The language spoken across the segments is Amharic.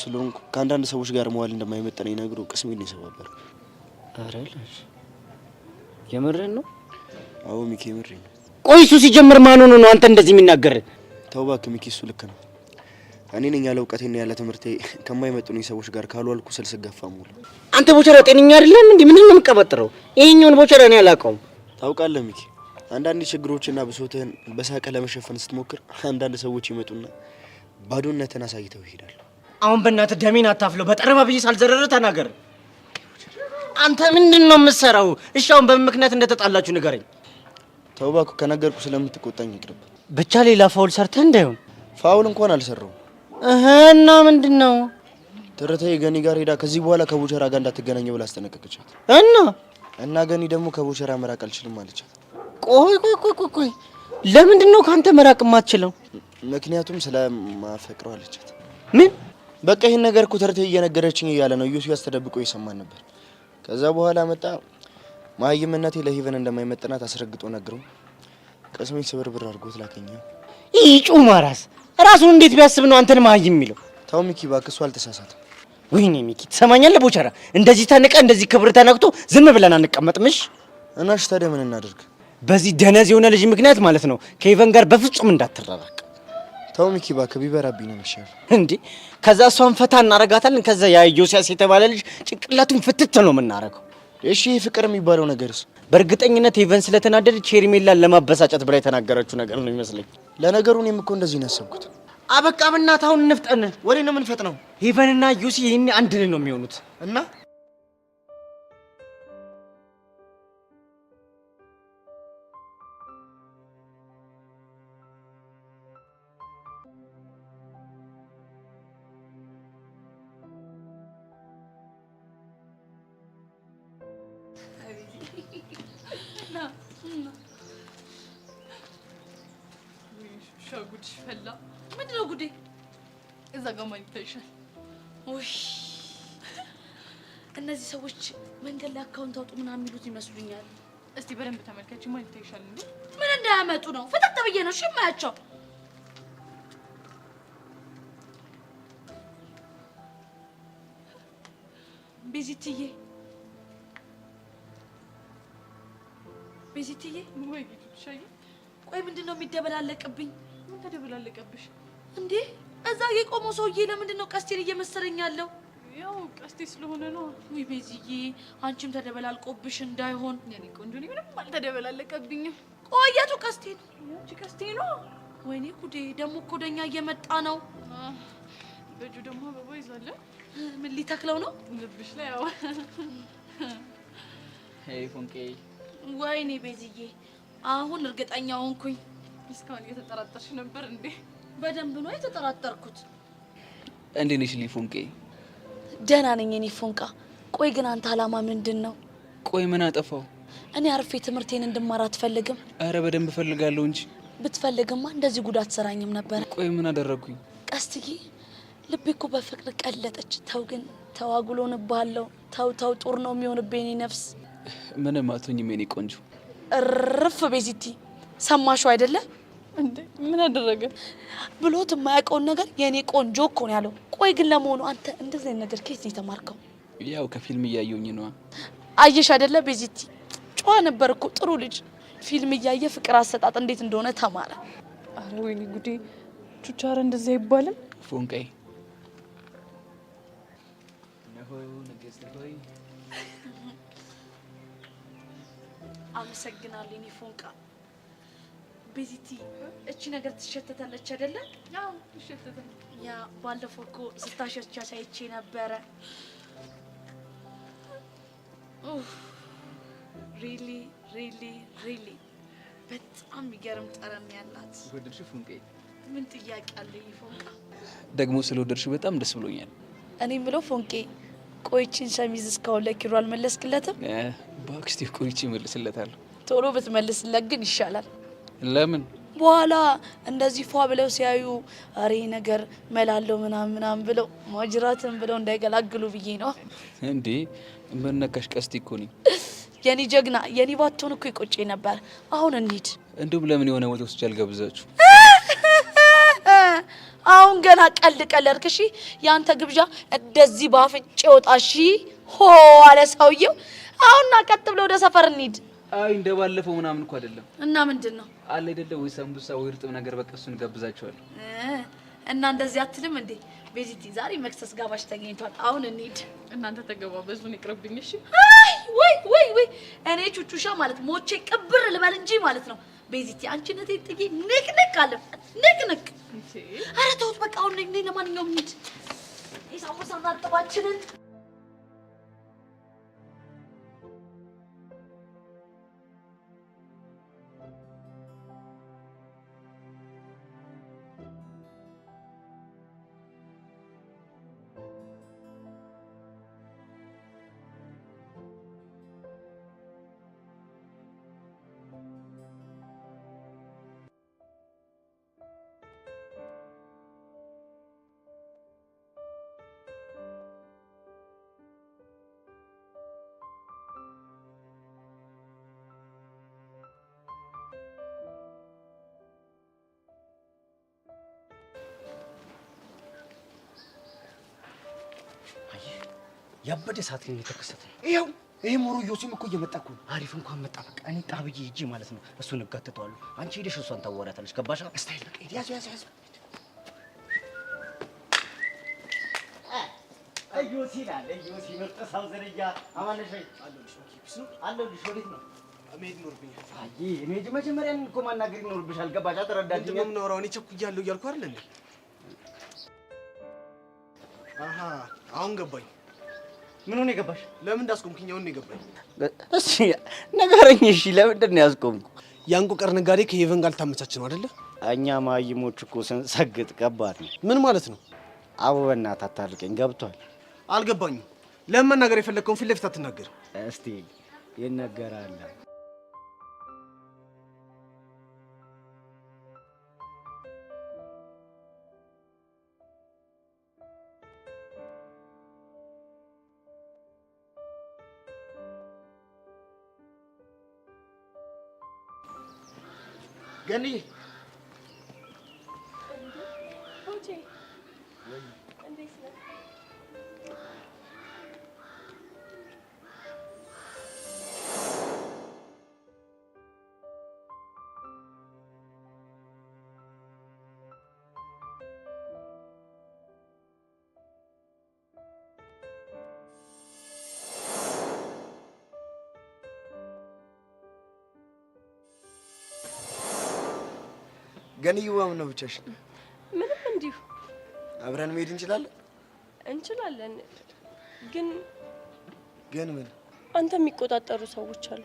ስለሆንኩ ከአንዳንድ ሰዎች ጋር መዋል እንደማይመጠን ነግሮ ቅስሜን ነው የሰባበረው። ኧረ ልጅ የምርህን ነው? አዎ ሚኪ የምሬን ነው። ቆይ እሱ ሲጀምር ማን ሆኖ ነው አንተ እንደዚህ የሚናገር? ተው እባክህ ሚኪ፣ እሱ ልክ ነው። እኔ ነኝ ያለ እውቀቴና ያለ ትምህርቴ ከማይመጡኝ ሰዎች ጋር ካልዋልኩ ስል ስገፋ ሙሉ። አንተ ቦቸራ ጤነኛ አይደለም እንዴ? ምንድን ነው የምቀበጥረው? ይሄኛውን ቦቸራ እኔ አላውቀውም። ታውቃለህ ሚኪ፣ አንዳንድ ችግሮችና ብሶትህን በሳቀ ለመሸፈን ስትሞክር አንዳንድ ሰዎች ይመጡና ባዶነትን አሳይተው ይሄዳሉ። አሁን በእናትህ ደሜን አታፍለው። በጠረባ ብዬ ሳልዘረረ ተናገር። አንተ ምንድን ነው የምትሰራው? እሺ አሁን በምን ምክንያት እንደተጣላችሁ ንገረኝ። ተው እባክህ፣ ከነገርኩ ስለምትቆጣኝ ይቅርብ። ብቻ ሌላ ፋውል ሰርተህ እንዳይሆን። ፋውል እንኳን አልሰራውም። እና ምንድን ነው ትርታዬ ገኒ ጋር ሄዳ ከዚህ በኋላ ከቡቸራ ጋር እንዳትገናኘ ብላ አስጠነቀቀቻት። እና እና ገኒ ደግሞ ከቡቸራ መራቅ አልችልም አለቻት። ቆይ ቆይ ቆይ ቆይ ቆይ፣ ለምንድን ነው ከአንተ መራቅ የማትችለው? ምክንያቱም ስለማፈቅረው አለቻት። ምን በቃ ይህን ነገር እኮ ተርቴ እየነገረችኝ እያለ ነው እዮሲ ያስተደብቆ እየሰማን ነበር። ከዛ በኋላ መጣ ማህይምነቴ ለሂቨን እንደማይመጥናት አስረግጦ ነግሮ ቅስሜን ስብርብር አድርጎት ላከኝ። ይጩ ራስ ራሱን እንዴት ቢያስብ ነው አንተን ማህይም የሚለው? ተው ሚኪ እባክህ፣ እሱ ወይኔ ሚኪ ትሰማኛለህ? ቦቸራ እንደዚህ ተንቀ እንደዚህ ክብር ተነክቶ ዝም ብለን አንቀመጥም። እናሽ ታዲያ ምን እናደርግ? በዚህ ደነዝ የሆነ ልጅ ምክንያት ማለት ነው ከሂቨን ጋር በፍጹም እንዳትራራቅ ተው ሚኪ እባክህ ቢበራብኝ ነው የሚሻለው። እንዴ ከዛ እሷን ፈታ እናረጋታለን። ከዛ ያ ዮሲያስ የተባለ ልጅ ጭንቅላቱን ፍትት ነው የምናረገው። እሺ ፍቅር የሚባለው ነገር እሱ በእርግጠኝነት ሄቨን ስለተናደደች ሄርሜላን ለማበሳጨት ብላ የተናገረችው ነገር ነው የሚመስለኝ። ለነገሩ እኔም እኮ እንደዚህ ነው አበቃ ብናት፣ አሁን እንፍጠን። ወዴት ነው የምንፈጥነው? ሄቨንና ዮሲ ይህን አንድ ነው የሚሆኑት እና ምንድን ነው ጉዴ? እዛ ጋ ማን ይታይሻል? ውይ እነዚህ ሰዎች መንገድ ላይ አካውንት አውጡ ምናምን የሚሉት ይመስሉኛል። እስቲ በደንብ ተመልከች። ማን ይታይሻል? እንዴ ምን እንዳያመጡ ነው? ፍጥጥ ብዬ ነው እሺ ቤዚትዬ ቤዚትዬ፣ ወይ ቆይ፣ ምንድን ነው የሚደበላለቅብኝ? ተደብላለቀብሽ እንዴ? እዛ የቆመው ሰውዬ ለምንድን ነው ቀስቴን እየመሰለኝ ያለው? ያው ቀስቴ ስለሆነ ነው። ውይ ቤዝዬ፣ አንቺም ተደበላልቆብሽ እንዳይሆን። የኔ ቆንጆ፣ ምንም አልተደበላለቀብኝም። ቆየቱ ቀስቴ ነው ቀስቴ ነው። ወይኔ ጉዴ! ደግሞ እኮ ወደኛ እየመጣ ነው። በእጁ ደግሞ አበባ ምን ሊተክለው ነው? ልብሽ ላይ ያው ሄይ ወይኔ ቤዝዬ፣ አሁን እርግጠኛ ሆንኩኝ። እስካሁን እየተጠራጠርሽ ነበር እንዴ? በደንብ ነው የተጠራጠርኩት። እንዴ ነሽ ሊፎንቄ? ደህና ነኝ እኔ ፎንቃ። ቆይ ግን አንተ አላማ ምንድን ነው? ቆይ ምን አጠፋው? እኔ አርፌ ትምህርቴን እንድማር አትፈልግም? አረ በደንብ እፈልጋለሁ እንጂ። ብትፈልግማ እንደዚህ ጉዳት ሰራኝም ነበር። ቆይ ምን አደረግኩኝ? ቀስትዬ ልቤ እኮ በፍቅር ቀለጠች። ተው ግን ተዋጉሎንባለው። ተው ተው፣ ጦር ነው የሚሆንብኝ ነፍስ። ምንም አትሆኝም የኔ ቆንጆ። እርፍ ቤዚቲ ሰማሽው አይደለ? እንዴ ምን አደረገ ብሎት የማያውቀውን ነገር የኔ ቆንጆ እኮ ነው ያለው። ቆይ ግን ለመሆኑ አንተ እንደዚህ ነገር ከየት የተማርከው? ያው ከፊልም እያየሁኝ ነዋ። አየሽ አይደለ? ቤዚቲ ጨዋ ነበር እኮ ጥሩ ልጅ። ፊልም እያየ ፍቅር አሰጣጥ እንዴት እንደሆነ ተማረ። አረ ወይኔ ጉዴ! ቹቻረ እንደዚህ አይባልም። ፎንቀይ አመሰግናለሁ። ፎንቃ ቤዚቲ እቺ ነገር ትሸተታለች አይደለ? ያው ትሸተታለች። ያ ባለፈው እኮ ስታሸቻ ሳይቼ ነበረ። ሪሊ ሪሊ ሪሊ በጣም የሚገርም ጠረን ያላት። ወደድሽው? ፎንቄ ምን ጥያቄ አለ? ፎንቃ ደግሞ ስለወደድሽው በጣም ደስ ብሎኛል። እኔ ምለው ፎንቄ ቆይቺን ሸሚዝ እስካሁን ለኪሮ አልመለስክለትም? ባክስቲ ቆይቺ መልስለታለሁ። ቶሎ ብትመልስለት ግን ይሻላል። ለምን በኋላ እንደዚህ ፏ ብለው ሲያዩ አሬ ነገር መላለው ምናምን ምናምን ብለው ማጅራትን ብለው እንዳይገላግሉ ብዬ ነው። እንዴ መነካሽ ቀስት እኮ ነኝ የኔ ጀግና። የኔ ባትሆን እኮ ይቆጭ ነበር። አሁን እንሂድ። እንዲሁም ለምን የሆነ ቦታ ውስጥ ያልጋብዛችሁ? አሁን ገና ቀልድ ቀለድክ። እሺ ያንተ ግብዣ እንደዚህ በአፍንጭ ወጣ። እሺ ሆ አለ ሰውየው። አሁን ና ቀጥ ብለው ወደ ሰፈር እንሂድ። አይ እንደ ባለፈው ምናምን እኮ አይደለም። እና ምንድን ነው አለ አይደለ ወይ ሰንቡሳ ወይ እርጥብ ነገር በቃ እሱን ጋብዛቸዋለሁ። እና እንደዚህ አትልም እንዴ ቤዚቲ? ዛሬ መክሰስ ጋባሽ ተገኝቷል። አሁን እንሂድ። እናንተ ተገባ በዙን ይቅርብኝ። እሺ አይ ወይ ወይ ወይ እኔ ቹቹሻ ማለት ሞቼ ቅብር ልበል እንጂ ማለት ነው። ቤዚቲ አንቺ ነቴ ጥጌ ንቅንቅ አለ ንቅንቅ። አረ ተውት በቃ አሁን ለማንኛውም እንሂድ። ይሳውሳ እናጥባችንን ያበደ ሰዓት ግን እየተከሰተ ነው። ይኸው ይሄ ሞሮ ዮሴም እኮ እየመጣ እኮ አሪፍ እንኳን መጣ። በቃ እኔ ጣብዬ ሂጂ ማለት ነው። እሱን እጋትተዋለሁ። አንቺ ሄደሽ እሷን ታዋሪያታለሽ። ገባሽ? እስታይል በቃ ያዙ ያዙ ያዙ። ዮሲ ምርጥ ሰው ዝርያ አለሁልሽ። ወዴት ነው መጀመሪያ እኮ ማናገር ይኖርብሻል። ገባሽ? አሁን ገባኝ። ምን ሆነ የገባሽ? ለምን እንዳስቆምኩኝ አሁን ነው የገባኝ። እስኪ ንገረኝ። እሺ፣ ለምንድን ነው ያስቆምኩ? የአንቆቀር ነጋዴ ከሄቨን ጋር ልታመቻች ነው አይደለ? እኛ ማይሞች እኮ ስንሰግጥ ከባድ ነው። ምን ማለት ነው? አበበና በእናትህ ገብቷል? አልገባኝም። ለምን መናገር የፈለግከውን ፊት ለፊት አትናገር? እስቲ ይነገራል Gani. ገን ይዋም ነው ብቻሽ? ምንም እንዲሁ አብረን መሄድ እንችላለን። እንችላለን ግን ግን ምን አንተ የሚቆጣጠሩ ሰዎች አሉ።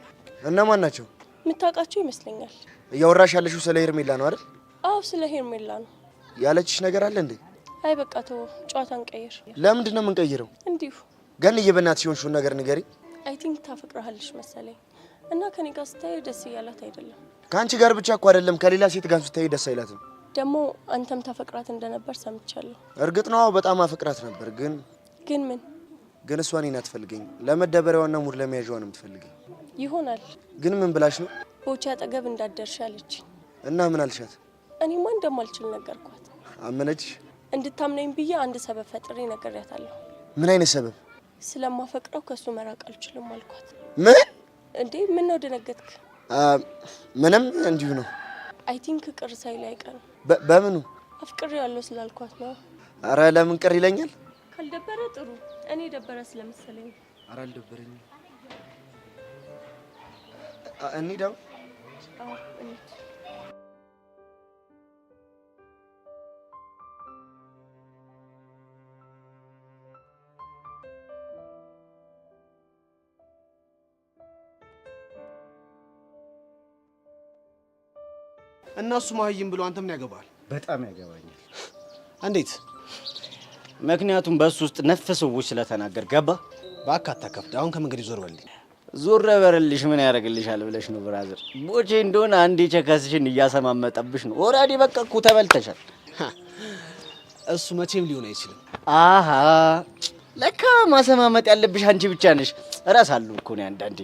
እና ማን ናቸው? የምታውቃቸው ይመስለኛል። እያወራሽ ያለሽው ስለ ሄርሜላ ነው አይደል? አዎ ስለ ሄርሜላ ነው። ያለችሽ ነገር አለ እንዴ? አይ በቃ ተው፣ ጨዋታ እንቀይር። ለምንድን ነው የምንቀይረው? እንዲሁ ገን እየበናት ሲሆን ነገር ንገሪ። አይ ቲንክ ታፈቅራለሽ መሰለኝ እና ከኔ ጋር ስታይ ደስ እያላት አይደለም ከአንቺ ጋር ብቻ እኮ አይደለም ከሌላ ሴት ጋር ስታይ ደስ አይላትም። ደግሞ አንተም ተፈቅራት እንደነበር ሰምቻለሁ። እርግጥ ነው በጣም አፈቅራት ነበር። ግን ግን ምን ግን እሷ እኔን አትፈልገኝ። ለመደበሪያዋና ሙድ ለመያዣዋ ነው የምትፈልገኝ ይሆናል። ግን ምን ብላሽ ነው? ቦቼ አጠገብ እንዳደርሽ አለች። እና ምን አልሻት? እኔማ እንደማልችል ነገርኳት። አመነች? እንድታምነኝ ብዬ አንድ ሰበብ ፈጥሬ ነግሬያታለሁ። ምን አይነት ሰበብ? ስለማፈቅረው ከእሱ መራቅ አልችልም አልኳት። ምን እንዴ? ምን ነው ደነገጥክ? ምንም እንዲሁ ነው። አይ ቲንክ ቅር ሳይል አይቀርም። በምኑ አፍቅሬ ያለው ስላልኳት ነው። አረ ለምን ቅር ይለኛል? ካልደበረ ጥሩ። እኔ ደበረ ስለመሰለኝ። አረ አልደበረኝም። እኔ ደግሞ እና እሱ ማህይም ብሎ አንተ ምን ያገባል? በጣም ያገባኛል። እንዴት? ምክንያቱም በሱ ውስጥ ነፍ ሰዎች ስለተናገር ገባ። እባክህ አታከፍት። አሁን ከመንገድ ዞር በልልኝ። ዞር በልልሽ ምን ያደርግልሻል ብለሽ ነው ብራዘር። ቦቼ እንደሆነ አንዴ ቸከስሽን እያሰማመጠብሽ ነው። ኦልሬዲ በቃ እኮ ተበልተሻል። እሱ መቼም ሊሆን አይችልም። አሀ ለካ ማሰማመጥ ያለብሽ አንቺ ብቻ ነሽ። እራሳለሁ እኮ እኔ አንዳንዴ።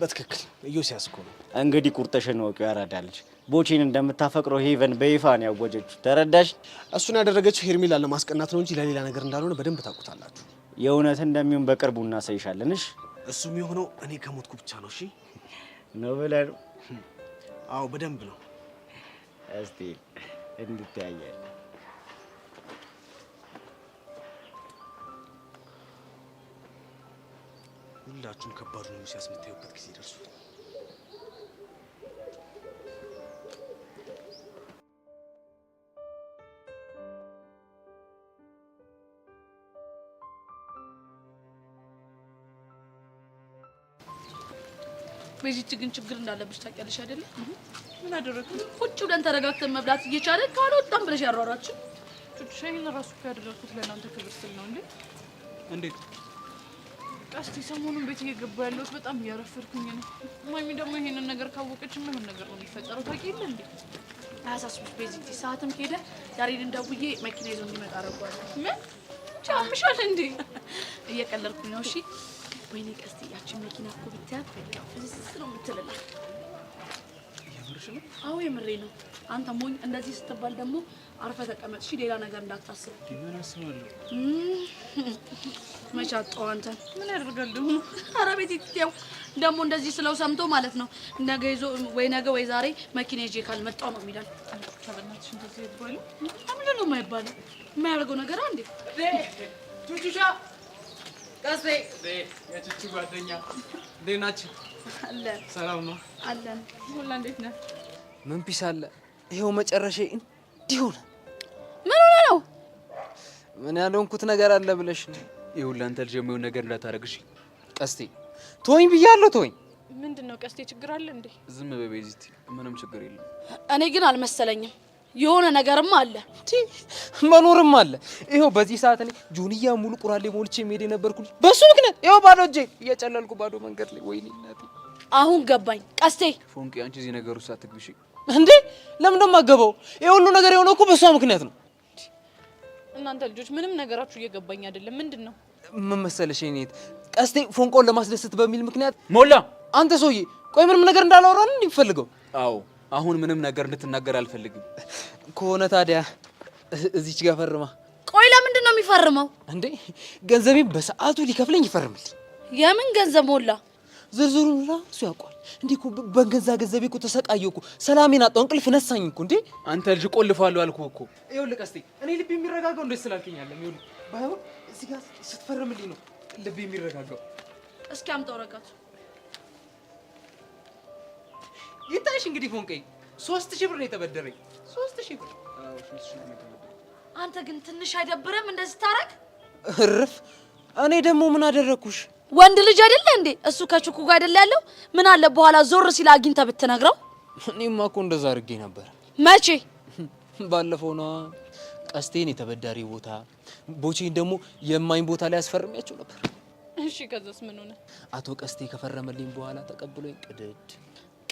በትክክል እዮ ሲያስኮ ነው። እንግዲህ ቁርጠሽን ወቂ ያራዳልሽ ቦቼን እንደምታፈቅረው ሄቨን በይፋ ነው ያወጀችው። ተረዳሽ? እሱን ያደረገችው ሄርሜላ ለማስቀናት ነው እንጂ ለሌላ ነገር እንዳልሆነ በደንብ ታውቁታላችሁ። የእውነት እንደሚሆን በቅርቡ እናሳይሻለን። እሺ? እሱም የሆነው እኔ ከሞትኩ ብቻ ነው። እሺ ነው ብለህ አዎ በደንብ ነው። እስቲ እንድትያያል ሁላችሁም ከባድ ነው ሲያስመታዩበት ጊዜ ደርሱ። ቤዚት ትግን ችግር እንዳለብሽ ታውቂያለሽ አይደለ? ምን አደረግኩ? ቁጭ ብለን ተረጋግተን መብላት እየቻለ ካሉ ወጣም ብለሽ ያሯራችን ቹቹሻ። ይሄን ራሱ እኮ ያደረግኩት ለእናንተ ክብር ስል ነው። እንዴ! እንዴት ቀስቲ፣ ሰሞኑን ቤት እየገባ ያለሁት በጣም እያረፈድኩኝ ነው። ማሚ ደግሞ ይሄንን ነገር ካወቀች ምን ነገር ነው የሚፈጠረው? ታውቂያለሽ እንዴ? አያሳስብሽ ቤዚት፣ ሰዓትም ሄደ። ያሬድን እንደውዬ መኪና ይዞ እንዲመጣ አደርገዋለሁ። ምን ቻምሻል እንዴ? እየቀለድኩኝ ነው። እሺ ወይኔ ያችን መኪና እኮ ብታያት በቃ ፍዝዝ ነው የምትልላት። አዎ የምሬ ነው። አንተ ሞኝ እንደዚህ ስትባል ደግሞ አርፈ ተቀመጥ፣ ሌላ ነገር እንዳታስብ። ምን አስባለሁ? መች አጣው አንተ ምን ያደርጋል ደግሞ። ኧረ ቤት ይትያው ደግሞ እንደዚህ ስለው ሰምቶ ማለት ነው ነገ ይዞ ወይ ነገ ወይ ዛሬ መኪና ይዤ ካልመጣሁ ነው የሚላል። ምንድን ነው የማይባለው? የማያደርገው ነገር አንዴ ቱቹሻ ጓደኛ እንዴት ናችሁ? አለን። ሰላም ነው አለን። ሁላ እንዴት ነህ? ምን ፒስ አለ። ይኸው መጨረሻ እንዲህ ሆነ። ምን ሆነ ነው? ምን ያልሆንኩት ነገር አለ ብለሽ ነው? ይኸውልህ አንተ ልጅ የሚሆን ነገር እንዳታደርግሽ። ቀስቴ ተወኝ ብያለሁ፣ ተወኝ። ምንድን ነው ቀስቴ? ችግር አለ እንዴ? ዝም በቤዚት ምንም ችግር የለም። እኔ ግን አልመሰለኝም የሆነ ነገርም አለ መኖርም አለ። ይኸው በዚህ ሰዓት እኔ ጆንያ ሙሉ ቁራሌ ሞልቼ የሚሄድ የነበርኩ በሱ ምክንያት ይኸው ባዶ እጄ እየጨለልኩ ባዶ መንገድ ላይ ወይኔ እናቴ። አሁን ገባኝ ቀስቴ። ፎንቄ አንቺ እዚህ ነገር ውስጥ አትግብሽ እንዴ! ለምን ደሞ ይሄ ሁሉ ነገር የሆነው እኮ በሷ ምክንያት ነው። እናንተ ልጆች ምንም ነገራችሁ እየገባኝ አይደለም። ምንድን ነው ምን መሰለሽ፣ እኔት ቀስቴ ፎንቆን ለማስደሰት በሚል ምክንያት ሞላ። አንተ ሰውዬ፣ ቆይ ምንም ነገር እንዳላወራን እንዲፈልገው አዎ አሁን ምንም ነገር እንድትናገር አልፈልግም። ከሆነ ታዲያ እዚች ጋር ፈርማ። ቆይ ለምንድን ነው የሚፈርመው እንዴ? ገንዘቤን በሰዓቱ ሊከፍለኝ ይፈርምልኝ። የምን ገንዘብ ሞላ? ዝርዝሩን እሱ ያውቋል። እንዴ እኮ በገንዛ ገንዘቤ እኮ ተሰቃየሁ እኮ፣ ሰላሜን አጣሁ፣ እንቅልፍ ነሳኝ እኮ። እንዴ አንተ ልጅ ቆልፋለሁ አልኩ እኮ። ይኸውልህ ቀስቴ፣ እኔ ልብ የሚረጋጋው እንደ ስላልከኝ አለ። ይኸውልህ ባይሆን እዚህ ጋር ስትፈርምልኝ ነው ልብ የሚረጋገው። እስኪ አምጣው ረጋቱ ይታይሽ እንግዲህ ፎንቀይ ሶስት ሺህ ብር ነው የተበደረኝ። ሶስት ሺህ ብር። አንተ ግን ትንሽ አይደብርም እንደዚህ ታረግ? እርፍ። እኔ ደግሞ ምን አደረግኩሽ? ወንድ ልጅ አይደለ እንዴ? እሱ ከችኩ ጋር አይደለ ያለው? ምን አለ በኋላ ዞር ሲል አግኝተህ ብትነግረው። እኔማ እኮ እንደዛ አድርጌ ነበር። መቼ? ባለፈው ነዋ። ቀስቴን የተበዳሪ ቦታ፣ ቦቼን ደግሞ የማኝ ቦታ ላይ አስፈርሚያቸው ነበር። እሺ፣ ከዛስ ምን ሆነ? አቶ ቀስቴ ከፈረመልኝ በኋላ ተቀብሎኝ ቅድድ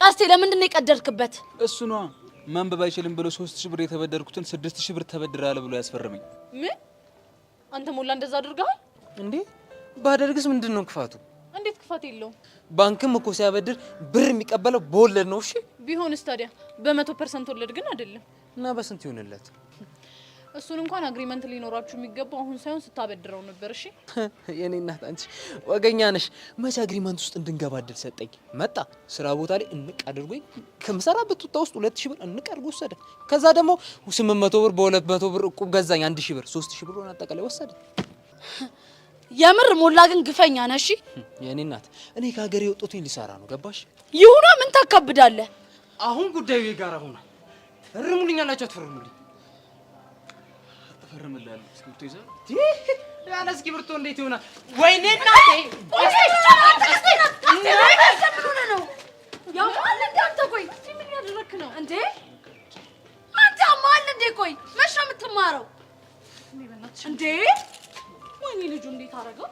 ቀስቴ ለምንድን ነው የቀደድክበት? እሱ ነዋ ማንበብ አይችልም ብሎ ሶስት ሺህ ብር የተበደርኩትን ስድስት ሺህ ብር ተበድራለ ብሎ ያስፈረመኝ። ምን አንተ ሞላ እንደዛ አድርገሃል እንዴ? ባደርግስ ምንድን ነው ክፋቱ? እንዴት ክፋት የለውም። ባንክም እኮ ሲያበድር ብር የሚቀበለው በወለድ ነው። እሺ ቢሆንስ ታዲያ በመቶ ፐርሰንት ወለድ ግን አይደለም። እና በስንት ይሆንለት? እሱን እንኳን አግሪመንት ሊኖራችሁ የሚገባው አሁን ሳይሆን ስታበድረው ነበር። እሺ የኔ እናት አንቺ ወገኛ ነሽ። መቼ አግሪመንት ውስጥ እንድንገባ እድል ሰጠኝ። መጣ ስራ ቦታ ላይ እንቅ አድርጎ ከምሰራበት ቱታ ውስጥ ሁለት ሺ ብር እንቅ አድርጎ ወሰደ። ከዛ ደግሞ ስምንት መቶ ብር በሁለት መቶ ብር እቁብ ገዛኝ። አንድ ሺ ብር ሶስት ሺ ብር ሆን አጠቃላይ ወሰደ። የምር ሞላ ግን ግፈኛ ነህ። እሺ የኔ እናት እኔ ከሀገር የወጡትኝ ሊሰራ ነው። ገባሽ? ይሁና ምን ታካብዳለህ? አሁን ጉዳዩ የጋራ ሆኗል። እርሙልኝ አላቸው። ፈርምልሀለሁ። እስክሪብቶ ይዘህ ያለ እስክሪብቶ እንዴት ይሆናል? ወይኔ እናቴ ነው ቆይ ምን ያደረክ ነው እንዴ? አንተ ያማል እንዴ? ቆይ መቼ የምትማረው እንዴ? ወይኔ ልጁ እንዴት አደረገው?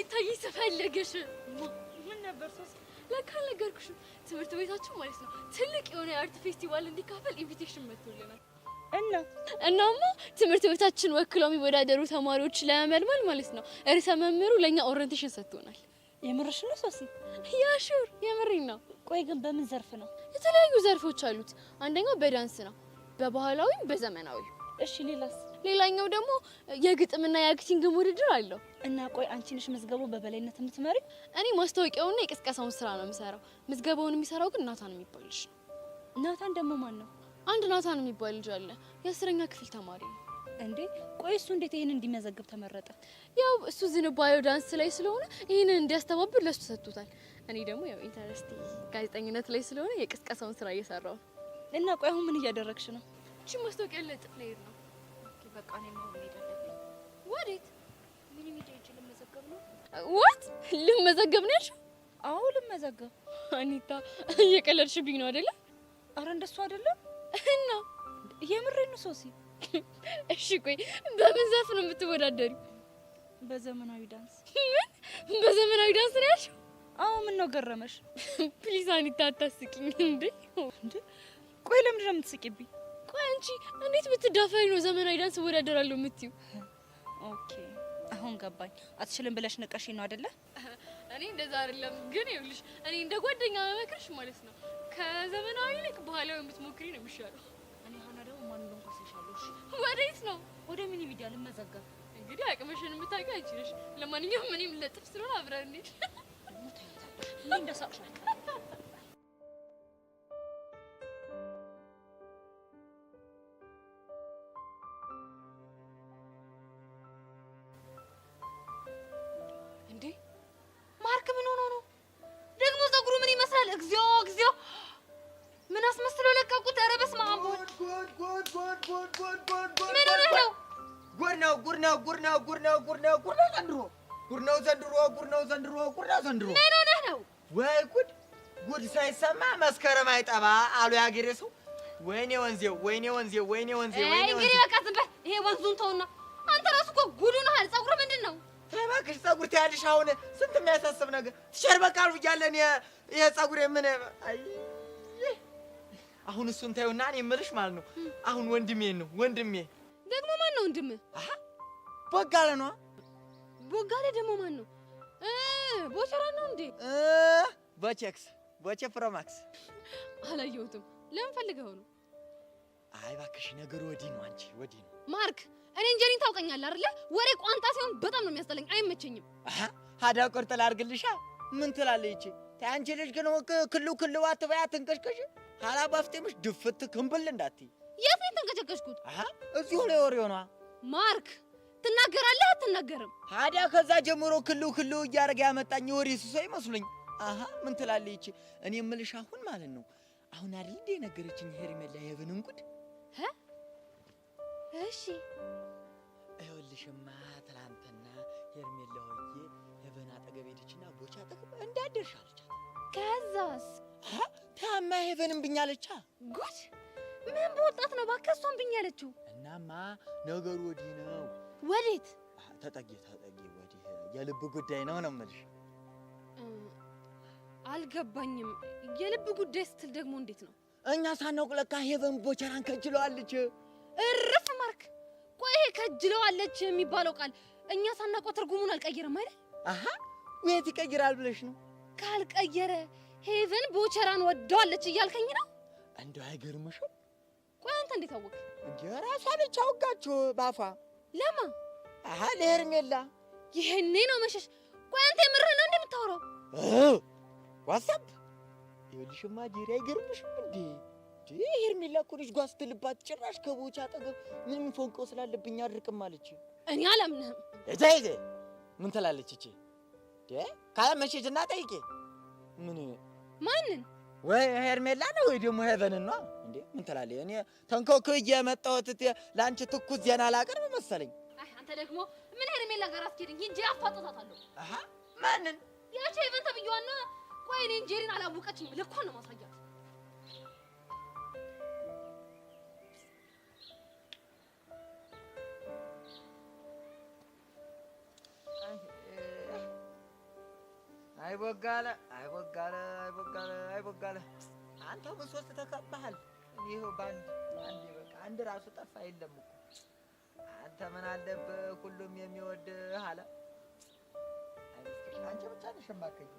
እንድታይ ስፈለገሽ ምን ነበር ሶስ ለካ ነገርኩሽም ትምህርት ቤታችን ማለት ነው ትልቅ የሆነ የአርት ፌስቲቫል እንዲካፈል ኢንቪቴሽን መጥቶልናል እና እናማ ትምህርት ቤታችን ወክለው የሚወዳደሩ ተማሪዎች ለመመልመል ማለት ነው ርዕሰ መምህሩ ለእኛ ኦሪንቴሽን ሰጥቶናል የምርሽ ነው ሶሲ ያሹር የምሬን ነው ቆይ ግን በምን ዘርፍ ነው የተለያዩ ዘርፎች አሉት አንደኛው በዳንስ ነው በባህላዊም በዘመናዊ እሺ ሌላስ ሌላኛው ደግሞ የግጥምና የአክቲንግ ውድድር አለው እና ቆይ አንቺ ነሽ ምዝገባው በበላይነት የምትመሪ? እኔ ማስታወቂያውና የቅስቀሳውን ስራ ነው የምሰራው። ምዝገባውን የሚሰራው ግን ናታን የሚባል ልጅ ነው። ናታን ደግሞ ማን ነው? አንድ ናታን የሚባል ልጅ አለ። የአስረኛ ክፍል ተማሪ ነው። እንዴ ቆይ እሱ እንዴት ይሄን እንዲመዘግብ ተመረጠ? ያው እሱ ዝንባሌው ዳንስ ላይ ስለሆነ ይህንን እንዲያስተባብር ለሱ ሰጥቶታል። እኔ ደግሞ ያው ኢንተረስቲ ጋዜጠኝነት ላይ ስለሆነ የቅስቀሳውን ስራ እየሰራው ነው። እና ቆይ አሁን ምን እያደረግሽ ነው? እሺ ማስታወቂያ ልጥፍ ነው። በቃ ነው ወዴት ልመዘገብ ነው ያልሽው? አዎ ልመዘገብ። አኒታ እየቀለድሽብኝ ነው አይደለ? አረ እንደሱ አይደለም። እና የምሬን ነው ሶሲ። እሺ ቆይ በምን ዘፍ ነው የምትወዳደሪ? በዘመናዊ ዳንስ። ምን በዘመናዊ ዳንስ ነው ያልሽው? አዎ ምን ነው ገረመሽ? ፕሊዝ አኒታ አታስቂኝ እንዴ! እንዴ ቆይ ለምንድን ነው የምትስቂብኝ? ቆይ አንቺ እንዴት ብትዳፈሪ ነው ዘመናዊ ዳንስ እወዳደራለሁ የምትዩ? ኦኬ አሁን ገባኝ። አትችልም ብለሽ ንቀሽ ነው አይደለ? እኔ እንደዛ አይደለም ግን ይኸውልሽ፣ እኔ እንደ ጓደኛ መመክርሽ ማለት ነው ከዘመናዊ ይልቅ ባህላዊ ብትሞክሪ ነው የሚሻለው። እኔ ሀና ደግሞ ማን ነው አሳይሻለሁ። ወዴት ነው? ወደ ምን ሚዲያ ልመዘገብ። እንግዲህ አቅምሽን የምታውቂው አንቺ ነሽ። ለማንኛውም እኔም ለጥፍ ስለሆነ አብረን እንሂድ። ምን ታያታለሽ? ምን እንደሳቅሽ ጠባ አሉ ያገሬ ሰው። ወይኔ ወንዜው፣ ወይኔ ወንዜው፣ ወይኔ ወንዜው፣ ወይኔ ወንዜው። እንግዲህ በቃ ዝም በል። ይሄ ወንዙን ተውና አንተ ራሱ እኮ ጉዱ ነህ። ፀጉር ምንድን ነው? እባክሽ ፀጉር ትያለሽ። አሁን ስንት የሚያሳስብ ነገር ትሸር በቃ አሉ ይሄ ምን አሁን እሱን እኔ የምልሽ ማለት ነው አሁን ወንድሜ ነው ወንድሜ። ደግሞ ማን ነው ወንድም? ቦጋለ ነው። ቦጋለ ደግሞ ማን ነው? ቦቸራ ነው እንዴ? ቦቼክስ ቦቼ ፕሮማክስ አላየሁትም። ለምን ፈልገኸው ነው? አይ እባክሽ ነገሩ ወዲህ ነው። አንቺ ወዲህ ነው ማርክ። እኔ እንጀሪን ታውቀኛለህ አይደለ? ወሬ ቋንጣ ሲሆን በጣም ነው የሚያስጠላኝ፣ አይመቸኝም። ሀዳ ቁርጥ ላድርግልሻ። ምን ትላለህ ይቺ? ተይ ልጅ ግን ክሉ ክሉ አትበይ፣ ትንቀሽቀሽ ኋላ ባፍጤምሽ ድፍት ክምብል እንዳትይ የት ነው የተንቀጨቀሽኩት? እዚሁ ላይ ወሬው ነዋ ማርክ። ትናገራለህ አትናገርም? ሀዳ ከዛ ጀምሮ ክሉ ክሉ እያደረገ ያመጣኝ ወሬ ስሶ ይመስሉኝ አሀ ምን ትላለች ይቺ? እኔ የምልሽ አሁን ማለት ነው አሁን አይደል እንደ ነገረችኝ ሄርሜላ እንቁድ ጉድ። እሺ ይኸውልሽማ ትላንትና ሄርሜላ ሆዬ የብን አጠገብ ሄደችና ቦቻ አጠገብ እንዳደርሽ አለቻት። ከዛስ ታማ ሄቨንም ብኛለቻ። ጉድ ምን በወጣት ነው እባክህ፣ እሷን ብኛለችው። እናማ ነገሩ ወዲህ ነው። ወዴት? ተጠጊ ተጠጊ፣ ወዲህ የልብ ጉዳይ ነው ነው የምልሽ አልገባኝም። የልብ ጉዳይ ስትል ደግሞ እንዴት ነው? እኛ ሳናውቅ ለካ ሄቨን ቦቸራን ከጅለዋለች። እርፍ ማርክ። ቆይ ይሄ ከጅለዋለች የሚባለው ቃል እኛ ሳናውቀው ትርጉሙን አልቀየረም አይደል? አሀ የት ይቀይራል ብለሽ ነው? ካልቀየረ ሄቨን ቦቸራን ወደዋለች እያልከኝ ነው? እንደው አይገርምሽም? ቆይ አንተ እንዴት አወቅ? እንጂ ራሷ ነች አውጋችሁ ባፏ ለማ አሀ ለሄርሜላ። ይሄኔ ነው መሸሽ። ቆይ አንተ የምርህ ነው እንደምታወራው? ዋዛብ ይኸውልሽማ ዲሪ አይገርምሽም እንዴ? ሄርሜላ እኮ ልጅ ጓዝ ስትልባት ጭራሽ ከቦቻ አጠገብ ምን ፎንቀው ስላለብኝ አድርቅም አለች። እኔ አላምንህም። እዛ ይዘ ምን ትላለች እቺ? ካላመንሽኝ እና ጠይቄ ምን ማንን ወይ ሄርሜላ ነው ወይ ደግሞ ሄቨንን ነው እንዴ? ምን ትላለች? እኔ ተንኮኮ እየመጣሁት ለአንቺ ትኩስ ዜና ላቀርብ መሰለኝ። አንተ ደግሞ ምን ሄርሜላ ጋር አትሄድኝ እንጂ አፋጣታታለሁ። አሃ ማንን ያቺ ሄቨን ተብዬዋና ወይ እኔ እንጀሪን አላወቀችኝም። ልኳ ነው ማሳያት። አይቦጋለ አይቦጋለ አይቦጋለ አይቦጋለ አንተው በሶስት ተከባሃል። ይኸው በአንድ አንድ በቃ አንድ ራሱ ጠፋ። የለም እኮ አንተ ምን አለብህ ሁሉም የሚወድህ አለ። አንቺ ብቻ ነሽ የማትከኝ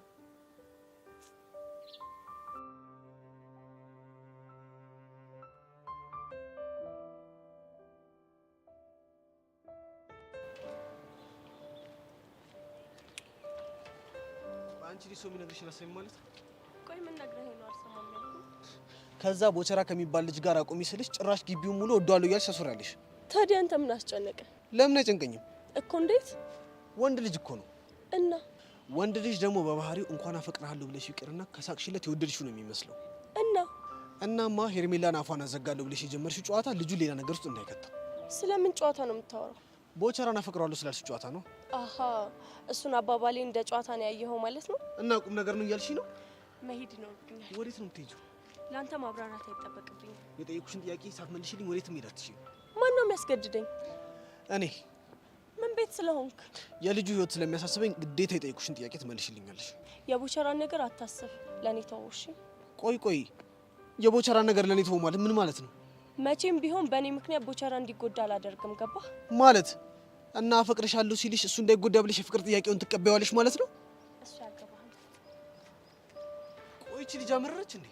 አንቺ ልጅ ሰው የሚነግርሽን አሰሚ ማለት ቆይ ምን ነግረህ ነው አልሰማም ያልኩህ? ከዛ ቦቸራ ከሚባል ልጅ ጋር አቁሚ ስልሽ ጭራሽ ግቢውን ሙሉ ወደዋለሁ እያልሽ ታስወሪያለሽ። ታዲያ አንተ ምን አስጨነቀ? ለምን አይጨንቀኝም እኮ እንዴት ወንድ ልጅ እኮ ነው እና ወንድ ልጅ ደግሞ በባህሪው እንኳን አፈቅርሃለሁ ብለሽ ይቅርና ከሳቅሽለት የወደድሽው ነው የሚመስለው። እና እናማ ሄርሜላን አፏን አዘጋለሁ ብለሽ የጀመርሽው ጨዋታ ልጁ ሌላ ነገር ውስጥ እንዳይከተው። ስለምን ጨዋታ ነው የምታወራው? ቦቸራን አፈቅረዋለሁ ስላልሽ ጨዋታ ነው። አሀ እሱን አባባሌ እንደ ጨዋታ ነው ያየኸው ማለት ነው። እና ቁም ነገር ነው እያልሽ ነው። መሄድ ነው ብኛል። ወዴት ነው የምትሄጂው? ለአንተ ማብራራት አይጠበቅብኝም። የጠየኩሽን ጥያቄ ሳትመልሽልኝ ወዴት መሄድ አትችይም። ማን ነው የሚያስገድደኝ? እኔ ምን ቤት ስለሆንክ የልጁ ህይወት ስለሚያሳስበኝ ግዴታ የጠየኩሽን ጥያቄ ትመልሽልኛለሽ። የቦቸራን ነገር አታስብ፣ ለእኔ ተወው እሺ። ቆይ ቆይ፣ የቦቸራን ነገር ለእኔ ተወው ማለት ምን ማለት ነው? መቼም ቢሆን በእኔ ምክንያት ቦቻራ እንዲጎዳ አላደርግም። ገባ ማለት እና አፈቅርሻለሁ ሲልሽ እሱ እንዳይጎዳ ብለሽ የፍቅር ጥያቄውን ትቀበያዋለሽ ማለት ነው። እሱ ያገባል። ቆይቺ ልጅ አመረረች እንዴ?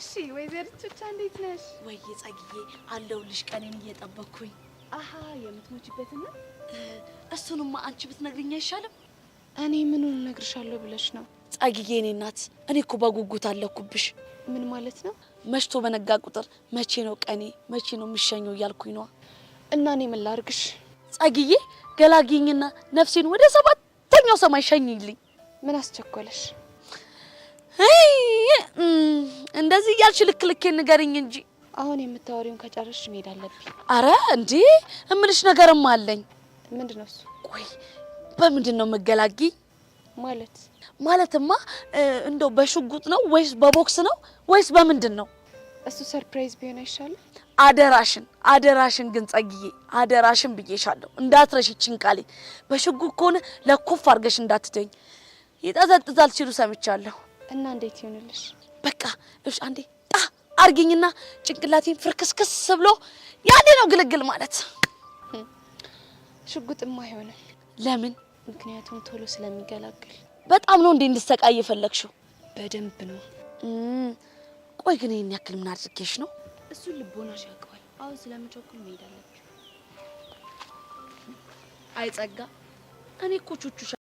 እሺ ወይዘሪት ቹቻ እንዴት ነሽ? ወይ ጸግዬ አለሁልሽ፣ ቀኔን እየጠበኩኝ። አሀ የምትሞችበትና እሱንማ አንቺ ብትነግሪኝ አይሻልም? እኔ ምኑን እነግርሻለሁ ብለሽ ነው ጸግዬ? እኔ እናት፣ እኔ እኮ በጉጉት አለኩብሽ። ምን ማለት ነው? መሽቶ በነጋ ቁጥር መቼ ነው ቀኔ፣ መቼ ነው የሚሸኘው እያልኩኝ ነዋ። እና እኔ ምን ላድርግሽ ጸግዬ? ገላግኝና ነፍሴን ወደ ሰባተኛው ሰማይ ሸኝልኝ። ምን አስቸኮለሽ? እንደዚህ እያልሽ ልክ ልኬ ንገርኝ እንጂ አሁን የምታወሪውን ከጨረስሽ መሄድ አለብኝ። አረ እንዴ እምልሽ ነገርም አለኝ። ምንድን ነው እሱ? ቆይ በምንድን ነው ማለት ማለትማ እንደው በሽጉጥ ነው ወይስ በቦክስ ነው ወይስ በምንድን ነው? እሱ ሰርፕራይዝ ቢሆን አይሻልም? አደራሽን አደራሽን ግን ጸግዬ አደራሽን ብዬሻለሁ፣ እንዳትረሽ ይችን ቃሌ። በሽጉጥ ከሆነ ለኩፍ አድርገሽ እንዳትተኝ። ይጠዘጥዛል ሲሉ ሰምቻለሁ። እና እንዴት ይሆንልሽ? በቃ እሺ፣ አንዴ ጣ አርግኝና ጭንቅላቴን ፍርክስክስ ብሎ ያኔ ነው ግልግል ማለት። ሽጉጥማ አይሆንም። ለምን? ምክንያቱም ቶሎ ስለሚገላግል። በጣም ነው እንዴ እንድሰቃይ የፈለግሽው? በደንብ ነው። ቆይ ግን ይህን ያክል ምን አድርጌሽ ነው? እሱን ልቦናሽ ያውቀዋል። አሁን ስለምቸኩል መሄድ አለብሽ። አይጸጋ እኔ እኮ